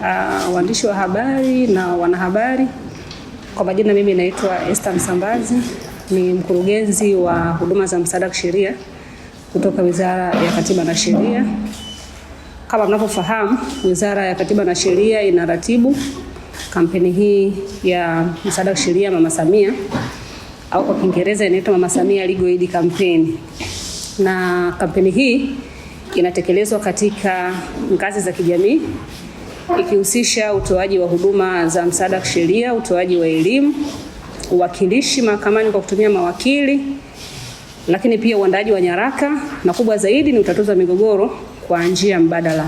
uh, waandishi wa habari na wanahabari. Kwa majina mimi naitwa Esther Msambazi, ni mkurugenzi wa huduma za msaada wa kisheria kutoka Wizara ya Katiba na Sheria. Kama mnavyofahamu, Wizara ya Katiba na Sheria inaratibu kampeni hii ya msaada wa sheria Mama Samia au kwa Kiingereza inaitwa Mama Samia Legal Aid Campaign. Na kampeni hii inatekelezwa katika ngazi za kijamii ikihusisha utoaji wa huduma za msaada wa kisheria, utoaji wa elimu, uwakilishi mahakamani kwa kutumia mawakili, lakini pia uandaji wa nyaraka na kubwa zaidi ni utatuzi wa migogoro kwa njia mbadala.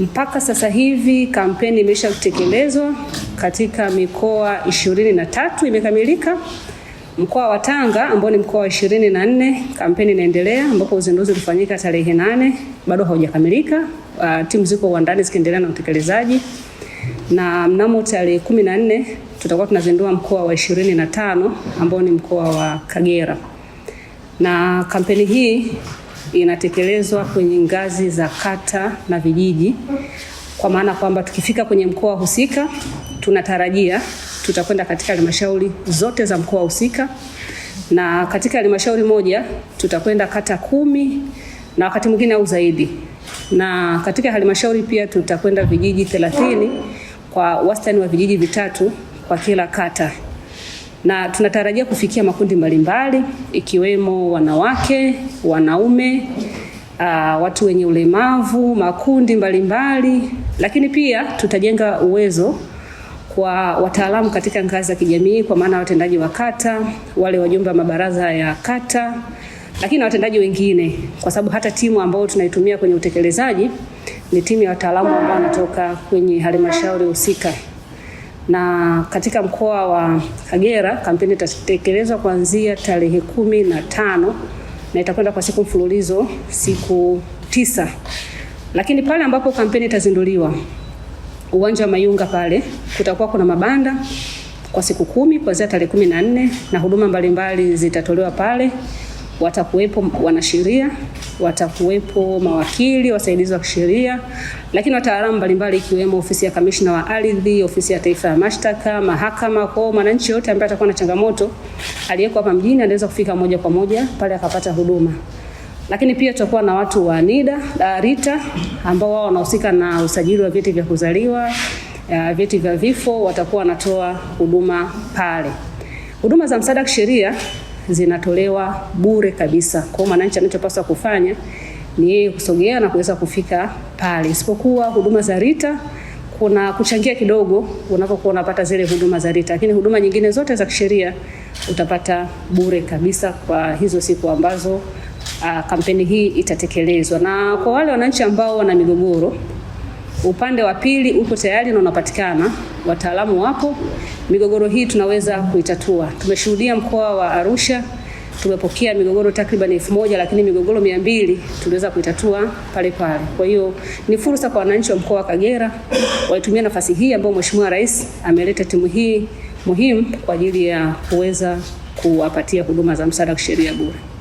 Mpaka sasa hivi kampeni imeshatekelezwa katika mikoa ishirini na tatu imekamilika. Mkoa wa Tanga ambao ni mkoa wa ishirini na nne, kampeni inaendelea ambapo uzinduzi ulifanyika tarehe nane, bado haujakamilika. Uh, timu ziko uandani zikiendelea na utekelezaji, na mnamo tarehe kumi na nne tutakuwa tunazindua mkoa wa ishirini na tano ambao ni mkoa wa Kagera, na kampeni hii inatekelezwa kwenye ngazi za kata na vijiji, kwa maana kwamba tukifika kwenye mkoa husika tunatarajia tutakwenda katika halmashauri zote za mkoa husika, na katika halmashauri moja tutakwenda kata kumi na wakati mwingine au zaidi, na katika halmashauri pia tutakwenda vijiji thelathini kwa wastani wa vijiji vitatu kwa kila kata, na tunatarajia kufikia makundi mbalimbali ikiwemo wanawake, wanaume Uh, watu wenye ulemavu, makundi mbalimbali, lakini pia tutajenga uwezo kwa wataalamu katika ngazi za kijamii, kwa maana watendaji wa kata, wale wajumbe wa mabaraza ya kata, lakini na watendaji wengine, kwa sababu hata timu ambayo tunaitumia kwenye utekelezaji ni timu ya wataalamu ambao wanatoka kwenye halmashauri husika. Na katika mkoa wa Kagera kampeni itatekelezwa kuanzia tarehe kumi na tano na itakwenda kwa siku mfululizo siku tisa, lakini pale ambapo kampeni itazinduliwa uwanja wa Mayunga pale kutakuwa kuna mabanda kwa siku kumi kuanzia tarehe kumi na nne na huduma mbalimbali zitatolewa pale. Watakuwepo wanasheria, watakuwepo mawakili, wasaidizi wa kisheria, lakini wataalamu mbalimbali ikiwemo ofisi ya kamishna wa ardhi, ofisi ya taifa ya mashtaka, mahakama. Kwa mwananchi yote ambaye atakuwa na changamoto aliyeko hapa mjini anaweza kufika moja kwa moja pale akapata huduma lakini pia tutakuwa na watu wa NIDA RITA ambao wao wanahusika na usajili wa vyeti vya kuzaliwa, vyeti vya vifo, watakuwa wanatoa huduma pale. Huduma za msaada wa kisheria zinatolewa bure kabisa. Kwa hiyo mwananchi anachopaswa kufanya ni yeye kusogea na kuweza kufika pale, isipokuwa huduma za RITA kuna kuchangia kidogo unapokuwa unapata zile huduma za RITA, lakini huduma nyingine zote za kisheria utapata bure kabisa kwa hizo siku ambazo uh, kampeni hii itatekelezwa. Na kwa wale wananchi ambao wana migogoro, upande wa pili uko tayari na unapatikana, wataalamu wapo, migogoro hii tunaweza kuitatua. Tumeshuhudia mkoa wa Arusha tumepokea migogoro takriban elfu moja lakini migogoro mia mbili tuliweza kuitatua pale pale. Kwa hiyo ni fursa kwa wananchi wa mkoa wa Kagera waitumia nafasi hii ambayo Mheshimiwa Rais ameleta timu hii muhimu kwa ajili ya kuweza kuwapatia huduma za msaada wa kisheria bure.